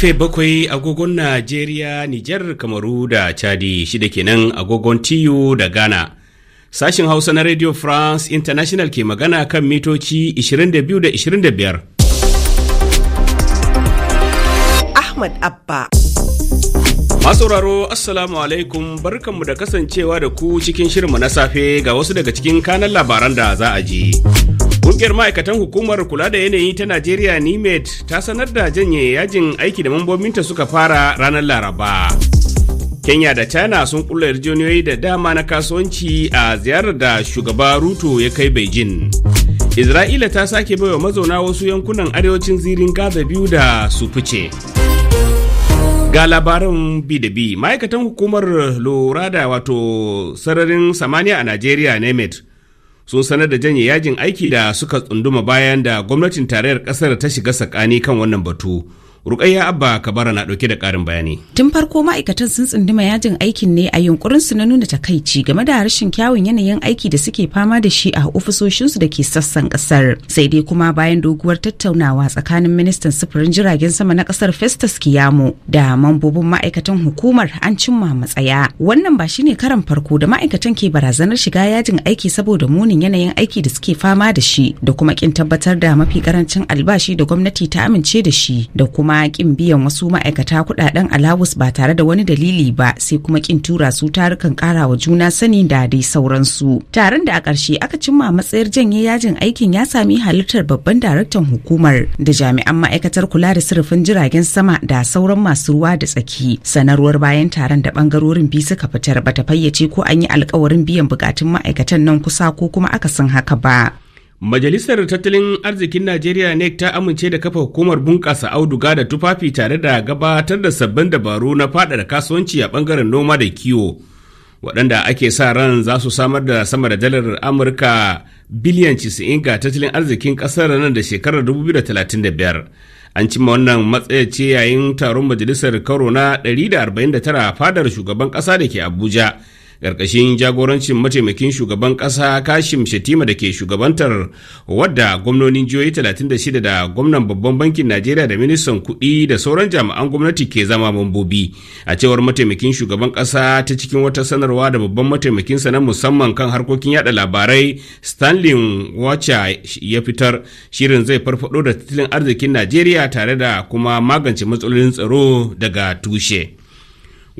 karfe bakwai agogon Najeriya, Nijar, Kamaru da Chadi shida kenan agogon TU da Ghana. Sashen Hausa na Radio France International ke magana kan mitoci 22 da 25. Ahmad Abba. Masauraro Assalamu alaikum barkanmu da kasancewa da ku cikin shirinmu na safe ga wasu daga cikin kanan labaran da za a ji. Ƙungiyar ma'aikatan hukumar kula da yanayi ta Najeriya NIMED e ta sanar da janye yajin aiki da mambobinta suka fara ranar Laraba. Kenya da China sun kula yarjejeniyoyi da dama na kasuwanci a ziyarar da shugaba Ruto ya kai Beijing. Isra'ila ta sake baiwa mazauna wasu yankunan arewacin zirin Gaza biyu da su fice. Ga labarin bi da bi, ma'aikatan hukumar lura da wato sararin samaniya a Najeriya NEMET sun sanar da janye yajin aiki da suka tsunduma bayan da gwamnatin tarayyar kasar ta shiga sakani kan wannan batu Rukayya Abba Kabara na ɗauke da ƙarin bayani. Tun farko ma'aikatan sun tsunduma yajin aikin ne a yunkurin su na nuna takaici game da rashin kyawun yanayin aiki da suke fama da shi a ofisoshinsu da ke sassan ƙasar. Sai dai kuma bayan doguwar tattaunawa tsakanin ministan sufurin jiragen sama na ƙasar Festus Kiyamo da mambobin ma'aikatan hukumar an cimma matsaya. Wannan ba shine karan farko da ma'aikatan ke barazanar shiga yajin aiki saboda munin yanayin aiki da suke fama da shi da kuma kin tabbatar da mafi karancin albashi da gwamnati ta amince da shi da kuma kuma kin biyan wasu ma'aikata kudaden alawus ba tare da wani dalili ba sai kuma kin tura su tarukan karawa juna sani da dai sauransu taron da a ƙarshe aka cimma matsayar janye yajin aikin ya sami halittar babban daraktan hukumar da jami'an ma'aikatar kula da surufin jiragen sama da sauran masu ruwa da tsaki sanarwar bayan taron da bangarorin biyu suka fitar bata fayyace ko an yi alkawarin biyan bukatun ma'aikatan nan kusa ko kuma aka san haka ba Majalisar Tattalin Arzikin Najeriya NEC ta amince da kafa hukumar bunƙasa auduga da tufafi tare da gabatar da sabbin dabaru na faɗaɗa kasuwanci a ɓangaren noma da kiwo. Waɗanda ake sa ran za su samar da sama da dalar Amurka biliyan 90 ga tattalin arzikin ƙasar nan da shekarar 2035. An cimma wannan matsaya ce yayin taron majalisar karo na 149 fadar shugaban ƙasa da ke Abuja. ƙarƙashin jagorancin mataimakin shugaban ƙasa kashim shatima da ke shugabantar wadda gwamnonin jihohi 36 da gwamnan babban bankin najeriya da ministan kuɗi da sauran jami'an gwamnati ke zama mambobi a cewar mataimakin shugaban ƙasa ta cikin wata sanarwa da babban mataimakin sa na musamman kan harkokin yada labarai stanley wacha ya fitar shirin zai farfado da tattalin arzikin najeriya tare da kuma magance matsalolin tsaro daga tushe.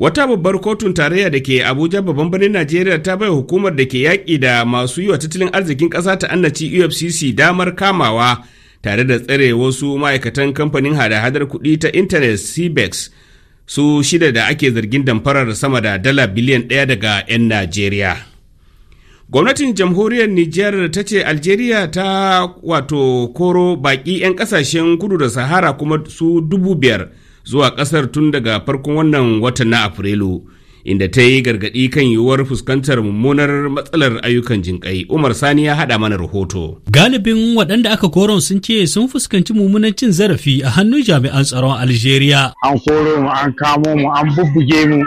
Wata babbar kotun tarayya da ke Abuja babban birnin Najeriya ta bai hukumar da ke yaƙi da masu yi wa tattalin arzikin ƙasa ta annaci UFCC e damar kamawa tare da tsare wasu ma'aikatan kamfanin hada-hadar kuɗi ta intanet CBEX su shida da ake zargin damfarar sama da dala biliyan ɗaya daga 'yan Najeriya. Gwamnatin jamhuriyar Nijar ta ce Algeria ta wato koro baƙi 'yan ƙasashen kudu da Sahara kuma su dubu biyar zuwa ƙasar tun daga farkon wannan watan na Afrilu, inda ta yi gargaɗi kan yiwuwar fuskantar mummunar matsalar ayyukan jinƙai. Umar Sani ya haɗa mana rahoto. Galibin waɗanda aka koron sun ce sun fuskanci mummunan cin zarafi a hannun jami'an tsaron Algeria. An koro mu, an kamo mu, an bubbuge mu,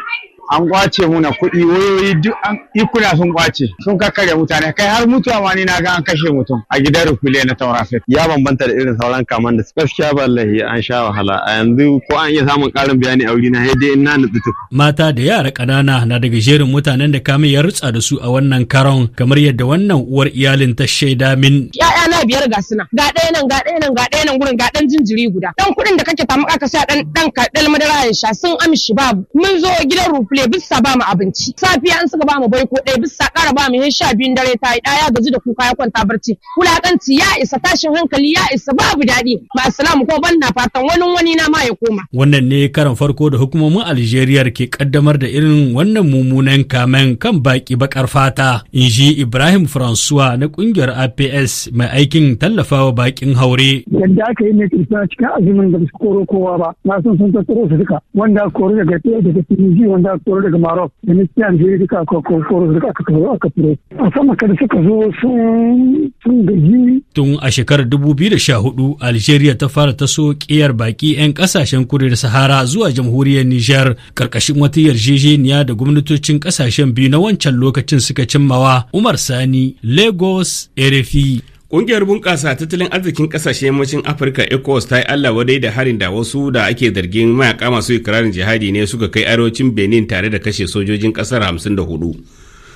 an kwace muna kuɗi wayoyi duk an ikuna sun kwace sun kakkare mutane kai har mutuwa ma ni na ga an kashe mutum a gidan rukule na taurafet ya bambanta da irin sauran kaman da gaskiya wallahi an sha wahala a yanzu ko an iya samun karin bayani a wuri na sai dai na nutsu mata da yara ƙanana na daga jerin mutanen da kamin ya rutsa da su a wannan karon kamar yadda wannan uwar iyalin ta shaida min ya'ya na biyar ga suna ga ɗaya nan ga ɗaya nan ga ɗaya nan gurin ga ɗan jinjiri guda dan kuɗin da kake famuka ka sa ɗan ɗan ka madara ya sha sun amshi babu mun zo gidan rufule ɗaya bisa ba mu abinci safiya an suka ba mu baiko ɗaya bisa ƙara ba mu yin sha biyun dare ta yi ɗaya gaji da kuka ya kwanta barci wulaƙanci ya isa tashin hankali ya isa babu daɗi ba salamu ko ban na fatan wani wani na ma ya koma. wannan ne karan farko da hukumomin aljeriya ke kaddamar da irin wannan mummunan kamen kan baki bakar fata in ji ibrahim francois na ƙungiyar aps mai aikin tallafawa bakin haure. yadda aka yi ne cikin azumin da su koro kowa ba na san sun tattaro su duka wanda koro daga daga tunisia wanda tsoro daga Maroc ministiyan jiri e duka aka kokoro duka aka tsoro aka tsoro a sama kada suka zo sun gaji tun a shekarar 2014 Algeria ta fara taso kiyar baki 'yan kasashen kudu da Sahara zuwa jamhuriyar Nijar karkashin wata yarjejeniya da gwamnatocin kasashen biyu na wancan lokacin suka cimmawa Umar Sani Lagos Erefi Ƙungiyar bunƙasa tattalin arzikin ƙasashen yammacin Afirka ECOWAS ta yi Allah wadai da harin da wasu da ake zargin mayaka masu ikirarin jihadi ne suka kai arewacin Benin tare da kashe sojojin ƙasar 54.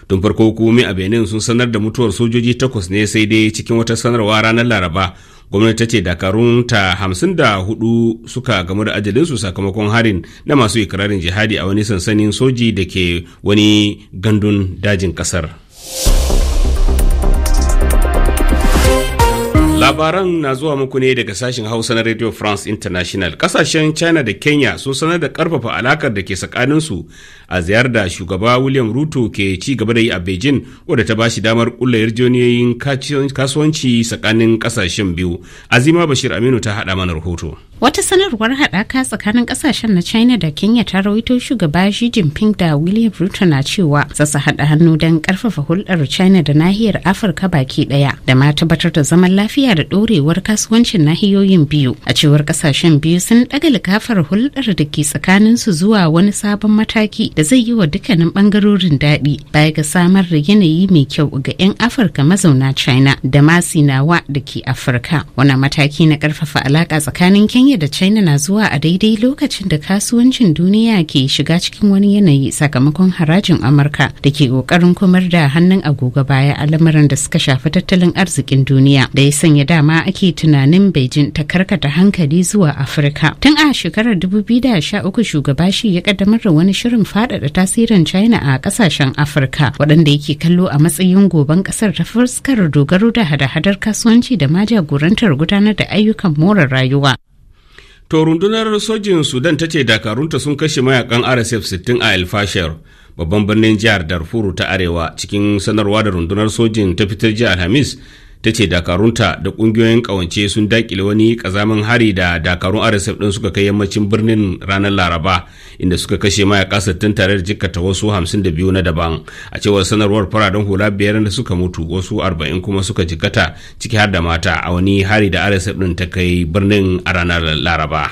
Tun farko hukumomi a Benin sun sanar da mutuwar sojoji takwas ne sai dai cikin wata sanarwa ranar Laraba. Gwamnati ta ce dakarun ta 54 suka gamu da ajalinsu sakamakon harin na masu ikirarin jihadi a wani sansanin soji da ke wani gandun dajin ƙasar. Labaran na zuwa muku ne daga sashen Hausa na Radio France International. Kasashen China da Kenya sun sanar da karfafa alakar da ke tsakanin su a ziyar da shugaba William Ruto ke ci gaba da yi a Beijing wadda ta bashi damar kulla yarjejeniyoyin kasuwanci tsakanin kasashen biyu. Azima Bashir Aminu ta hada mana rahoto. Wata sanarwar haɗaka tsakanin ƙasashen na China da Kenya ta rawaito shugaba Xi Jinping da William Ruto na cewa za su haɗa hannu don ƙarfafa hulɗar China da nahiyar Afirka baki ɗaya da ma tabbatar da zaman lafiya da ɗorewar kasuwancin nahiyoyin biyu a cewar kasashen biyu sun ɗaga likafar hulɗar da ke tsakanin su zuwa wani sabon mataki da zai yi wa dukkanin ɓangarorin daɗi baya ga samar da yanayi mai kyau ga 'yan afirka mazauna china da masinawa nawa da ke afirka wannan mataki na ƙarfafa alaƙa tsakanin kenya da china na zuwa a daidai lokacin da kasuwancin duniya ke shiga cikin wani yanayi sakamakon harajin amurka da ke ƙoƙarin kumar da hannun agogo baya a lamarin da suka shafi tattalin arzikin duniya da ya sanya dama ake tunanin beijing ta karkata hankali zuwa afirka tun a shekarar 2013 shugaba shi ya kaddamar da wani shirin fadada tasirin china a kasashen afirka waɗanda yake kallo a matsayin goben ƙasar ta fuskar dogaro da hada-hadar kasuwanci da ma jagorantar gudanar da ayyukan more rayuwa To rundunar sojin Sudan ta ce dakarunta sun kashe mayakan RSF 60 a El Fasher, babban birnin jihar Darfur ta Arewa cikin sanarwa da rundunar sojin ta fitar jihar Hamis ta ce dakarunta da kungiyoyin kawance sun dakile wani kazamin hari da dakarun rsf din suka kai yammacin birnin ranar laraba inda suka kashe mayaka sattin tare da jikkata wasu hamsin na daban a cewar sanarwar fararen hula biyar da suka mutu wasu arba'in kuma suka jikkata ciki har da mata a wani hari da rsf din ta kai birnin a ranar laraba.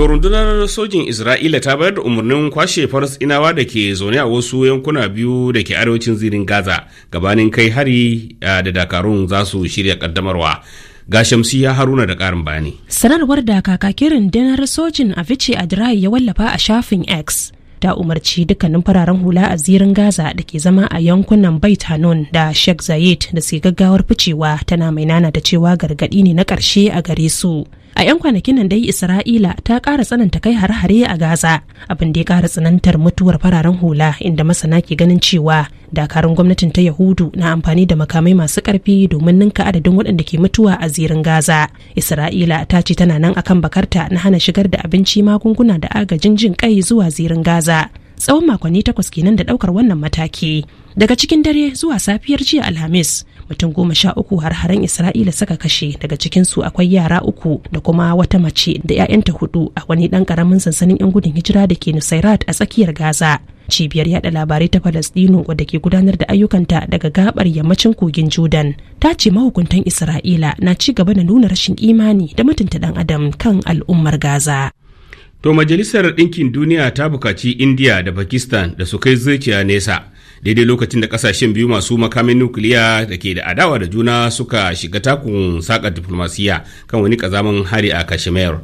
To rundunar sojin Isra'ila ta bayar da umarnin kwashe Falasɗinawa da ke zaune a wasu yankuna biyu da ke arewacin zirin Gaza gabanin kai hari da dakarun za su shirya kaddamarwa. ga ya haruna da karin bayani sanarwar da kakakin dinar sojin avici adrai ya wallafa a shafin x ta umarci dukkanin fararen hula a zirin gaza da ke zama a yankunan bait hanun da sheikh zayed da suke gaggawar ficewa tana mai nana da cewa gargaɗi ne na karshe a gare su a 'yan kwanakin nan dai isra'ila ta ƙara tsananta kai hare-hare a gaza abin da ya ƙara tsanantar mutuwar fararen hula inda masana ke ganin cewa dakarun gwamnatin ta yahudu na amfani da makamai masu ƙarfi domin ninka adadin waɗanda ke mutuwa a zirin gaza isra'ila ta ce tana nan akan bakarta na hana shigar da abinci magunguna da agajin jin kai zuwa zirin gaza tsawon makonni takwas kenan da ɗaukar wannan mataki daga cikin dare zuwa safiyar jiya alhamis mutum goma sha uku har-haren isra'ila saka kashe daga cikin su akwai yara uku da kuma wata mace da 'ya'yanta hudu a wani dan karamin sansanin 'yan gudun hijira da ke nusairat a tsakiyar gaza cibiyar yada labarai ta palestino wadda ke gudanar da ayyukanta daga gabar yammacin kogin jordan ta ce mahukuntan isra'ila na ci gaba da nuna rashin imani da mutunta dan adam kan al'ummar gaza to majalisar ɗinkin duniya ta bukaci india da pakistan da su kai zuciya nesa daidai lokacin da kasashen biyu masu makamin nukiliya da ke da adawa da juna suka shiga takun saƙa diplomasiya kan wani kazaman hari a kashmir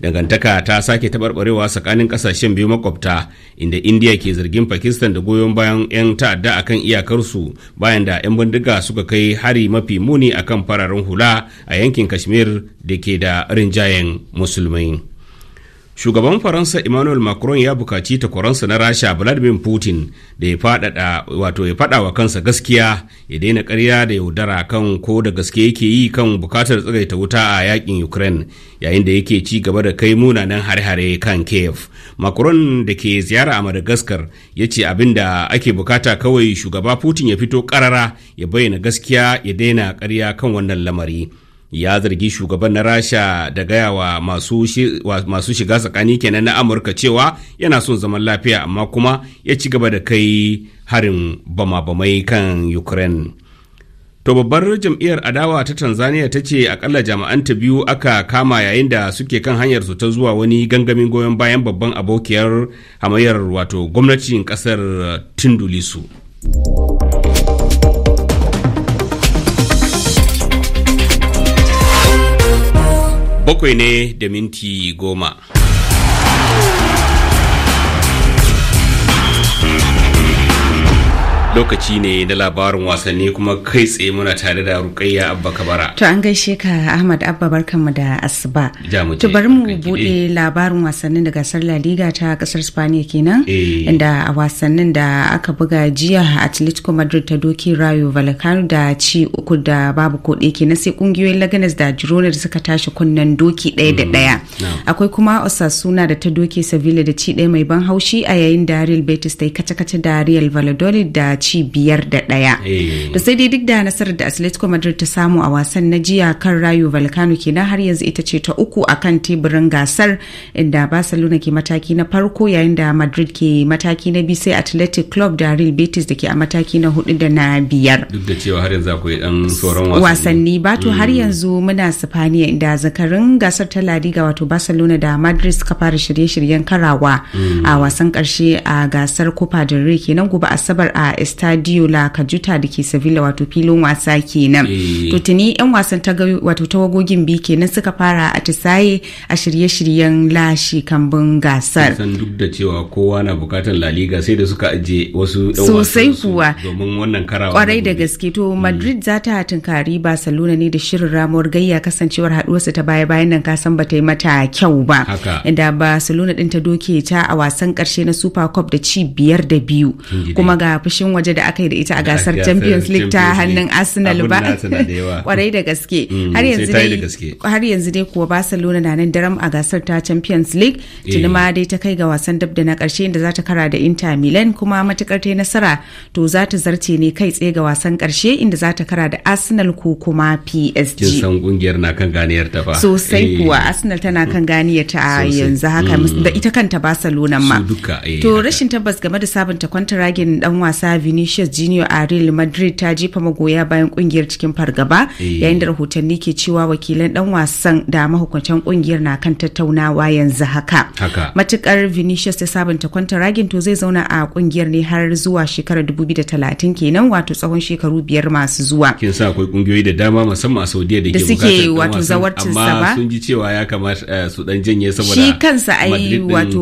dangantaka ta sake taɓarɓarewa tsakanin kasashen biyu makwabta inda indiya ke zargin pakistan da goyon bayan 'yan ta'adda akan iyakarsu bayan da 'yan bindiga suka kai hari mafi muni akan fararen hula a yankin kashmir da ke da rinjayen musulmai shugaban faransa emmanuel macron ya bukaci takwaransa na rasha vladimir putin da ya fadada wato ya fada wa kansa gaskiya ya daina karya da yaudara kan ko da gaske yake yi kan bukatar tsagaita wuta a yakin ukraine yayin da yake ci gaba da kai munanan hare-hare kan kiev macron da ke ziyara a madagascar ya ce abin da ake bukata kawai shugaba putin ya fito karara ya bayyana gaskiya ya daina karya kan wannan lamari ya zargi shugaban na rasha da gaya wa masu shiga tsakani kenan na amurka cewa yana son zaman lafiya amma kuma ya ci gaba da kai harin bama-bamai kan ukraine to babbar jam'iyyar adawa ta tanzania ta ce akalla jama'an ta biyu aka kama yayin da suke kan hanyar su ta zuwa wani gangamin goyon bayan babban abokiyar hamayyar wato gwamnatin kasar tundulisu bakwai ne da minti goma. lokaci ne na labarin wasanni kuma kai tsaye muna tare da rukayya abba kabara to an gaishe ka ahmad abba barkanmu da asuba to bari mu bude labarin wasannin daga gasar la liga ta kasar spaniya kenan eh. inda a wasannin da aka buga jiya atletico madrid ta doki rayo vallecano da ci uku da babu ko ɗaya kenan sai kungiyoyin laganas da girona da suka tashi kunnen doki ɗaya da mm-hmm. ɗaya akwai kuma osasuna da ta doki sevilla da ci ɗaya mai ban haushi a yayin da real betis ta yi kace-kace da real valladolid da ci ci biyar da ɗaya. Eh. Da sai dai duk da nasarar da Atletico Madrid ta samu a wasan na jiya kan Rayo Vallecano kenan har yanzu ita ce ta uku a kan teburin gasar inda Barcelona ke mataki na farko yayin da Madrid ke mataki na biyu sai Athletic Club da Real Betis da ke a mataki na hudu da na biyar. Duk da cewa har yanzu akwai ɗan tsoron wasanni. Wasanni ba to har hmm. yanzu muna Sifaniya inda zakarin gasar ta ga wato Barcelona da Madrid suka fara shirye-shiryen karawa hmm. a wasan karshe a gasar Copa del Rey kenan gobe Asabar a estadio la kajuta da ke sevilla wato filin wasa kenan eh. to tuni yan wasan wato tawagogin biyu kenan suka fara a tisaye a shirye-shiryen lashe kambun gasar san duk da cewa kowa na bukatar la sai da suka aje wasu sosai kuwa domin wannan karawa kwarai da gaske to hmm. madrid za ta tunkari barcelona ne da shirin ramuwar gayya kasancewar haduwarsa ta baya-bayan nan kasan ba ta yi mata kyau ba inda barcelona din ta doke ta a wasan karshe na super cup da ci biyar da biyu kuma ga fushin waje da aka yi da ita a gasar champions league ta hannun arsenal ba kwarai mm, da gaske har yanzu dai kuwa barcelona na nan daram a gasar ta champions league tuni ma eh. dai ta kai ga wasan dab da na karshe inda za ta kara da inter milan kuma matukar ta nasara to za ta zarce ne kai tsaye ga wasan karshe inda za ta kara da arsenal ko kuma psg kin san kungiyar na kan ganiyar ta ba sosai eh. kuwa arsenal tana kan ganiyar ta yanzu haka mm. da ita kanta barcelona ma eh, to rashin tabbas game da sabunta kwantaragin dan wasa vinicius junior a real madrid ta jefa magoya bayan kungiyar cikin fargaba eh. yayin da rahotanni ke cewa wakilan dan wasan da mahukuntan kungiyar na kan tattaunawa yanzu haka matukar vinicius ya sabunta ragin to zai zauna a kungiyar ne har zuwa shekarar 2030 kenan wato tsawon shekaru biyar masu zuwa kin sa akwai kungiyoyi da dama musamman a saudiya da ke suke wato zawarcin sa ba sun ji cewa ya kamata eh, su dan janye saboda shi kansa ai wato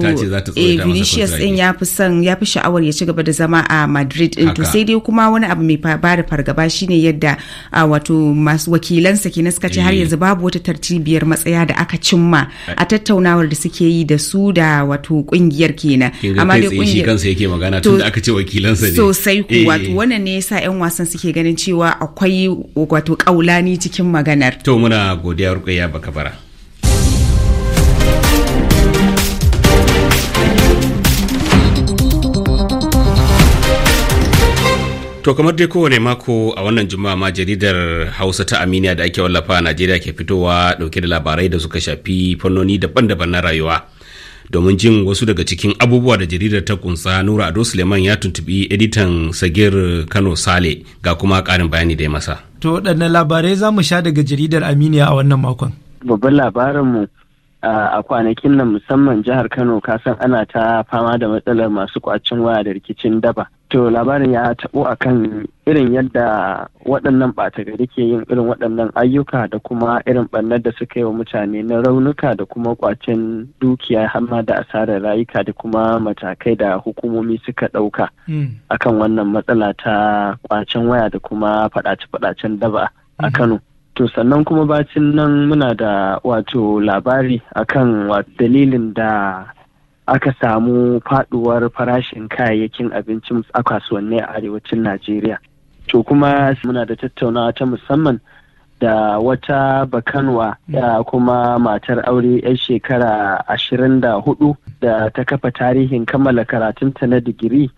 eh, vinicius din ya fi son ya fi sha'awar ya ci gaba da zama a madrid Eh, to sai dai kuma wani abu mai ba da fargaba shine yadda wato masu wakilansa kenan suka ce har eh. yanzu babu wata tartibiyar matsaya da aka cimma a eh. tattaunawar da suke yi da su da wato kungiyar kenan amma dai kungiyar kansa yake magana tun da aka ce wakilansa ne sosai ku wato wannan ne yasa yan wasan suke ganin cewa akwai wato kaulani cikin maganar to muna godiya rukayya baka bara To kamar dai kowane mako a wannan juma'a ma jaridar Hausa ta Aminiya da ake wallafa a Najeriya ke fitowa dauke da labarai da suka shafi fannoni daban-daban na rayuwa. Domin jin wasu daga cikin abubuwa da jaridar ta kunsa Nura Ado Suleiman ya tuntubi editan Sagir Kano Sale ga kuma karin bayani da ya masa. To waɗanne labarai za mu sha daga jaridar Aminiya a wannan makon. Babban labarinmu a kwanakin nan musamman jihar Kano kasan ana ta fama da matsalar masu kwacin waya da rikicin daba. to labarin ya taɓo akan irin yadda waɗannan ɓata gari ke yin irin waɗannan ayyuka da kuma irin ɓannar da suka yi wa mutane na raunuka da kuma ƙwacen dukiya hamma da asarar rayuka da kuma matakai da hukumomi suka ɗauka hmm. akan wannan matsala ta ƙwacen waya da kuma faɗace-faɗacen daba a hmm. kano to sannan kuma bacin nan muna da wato labari akan dalilin da aka samu faduwar farashin kayayyakin abinci a kasuwanni a arewacin Najeriya. To kuma muna da tattaunawa ta musamman da wata bakanwa da kuma matar aure 'yan shekara ashirin da hudu da ta kafa tarihin kammala karatunta na digiri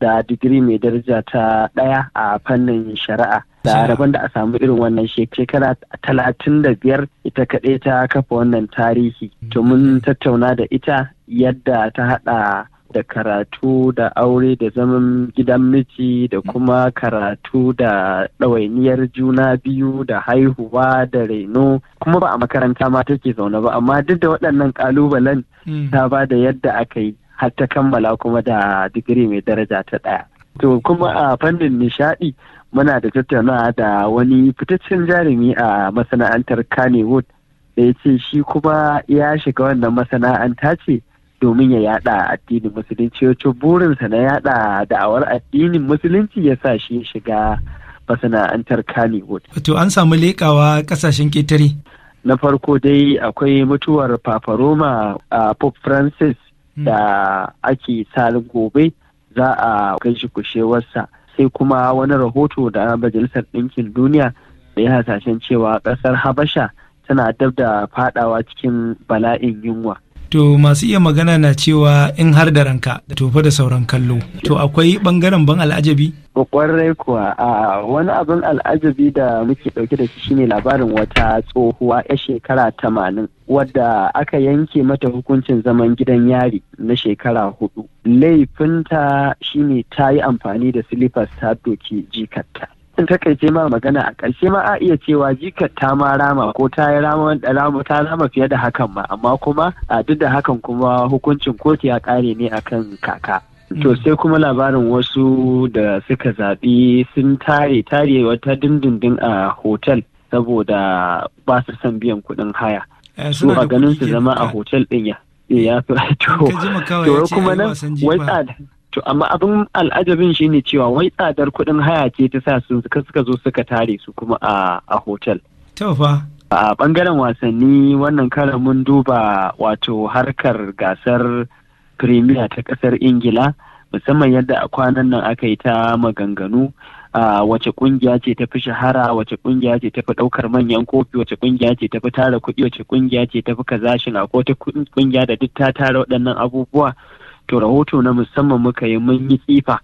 da digiri mai daraja ta ɗaya a fannin shari'a da rabon da a samu irin wannan shekara talatin da biyar ita kaɗai ta kafa wannan tarihi mm. to mun tattauna da ita yadda ta haɗa da karatu da aure da zaman gidan miji da mm. kuma karatu da ɗawainiyar juna biyu da haihuwa da reno kuma ba a makaranta ma take zaune ba amma duk da waɗannan ƙalubalen mm. ta ba da yadda aka yi har ta kammala kuma da digiri mai daraja ta ɗaya. To kuma a fannin nishaɗi muna da tattaunawa da wani fitaccen jarumi a masana'antar Kannywood da ya ce shi kuma ya shiga wannan masana'anta ce domin ya yada addinin musulunci wacce burinsa na yada da'awar addinin musulunci ya sa shi shiga masana'antar Kannywood. wato an samu leƙawa ƙasashen ƙetare? Na farko dai akwai mutuwar Papa Roma a Pope Francis da ake salin gobe za a kai shi kushewarsa sai kuma wani rahoto da majalisar ɗinkin duniya da ya hasashen cewa ƙasar habasha tana dab da fadawa cikin bala'in yunwa to masu iya magana na cewa in har da ranka da tofa da sauran kallo to akwai bangaren ban al'ajabi kwarai kuwa a wani abin al'ajabi da muke dauke da shi shine labarin wata tsohuwa ya shekara tamanin wadda aka yanke mata hukuncin zaman gidan yari na shekara hudu laifinta shine ta yi amfani da silifas ta doki jikarta in takaice ma magana a ƙarshe ma a iya cewa jikar ta ma rama ko ta yi rama ta rama fiye da hakan ma amma kuma a duk da hakan kuma hukuncin kotu ya ƙare ne akan kaka to mm. sai kuma labarin wasu da suka zaɓi sun tare tare wata dindindin a hotel saboda ba su son biyan kuɗin haya eh, su a ganin su zama a hotel ɗin ya ya fi to kuma nan wai To amma abin al'ajabin shine cewa wai tsadar kuɗin haya ce ta sa sun suka zo suka tare su kuma a hotel. To fa. A ɓangaren wasanni wannan kala mun duba wato harkar gasar Premier ta ƙasar Ingila musamman yadda a kwanan nan aka yi ta maganganu wace ƙungiya ce ta fi shahara wace ƙungiya ce ta fi ɗaukar manyan kofi wace ƙungiya ce ta fi tara kuɗi wace ƙungiya ce ta fi kaza ko ta ƙungiya da duk ta tara waɗannan abubuwa. to rahoto na musamman muka yi mun yi tsifa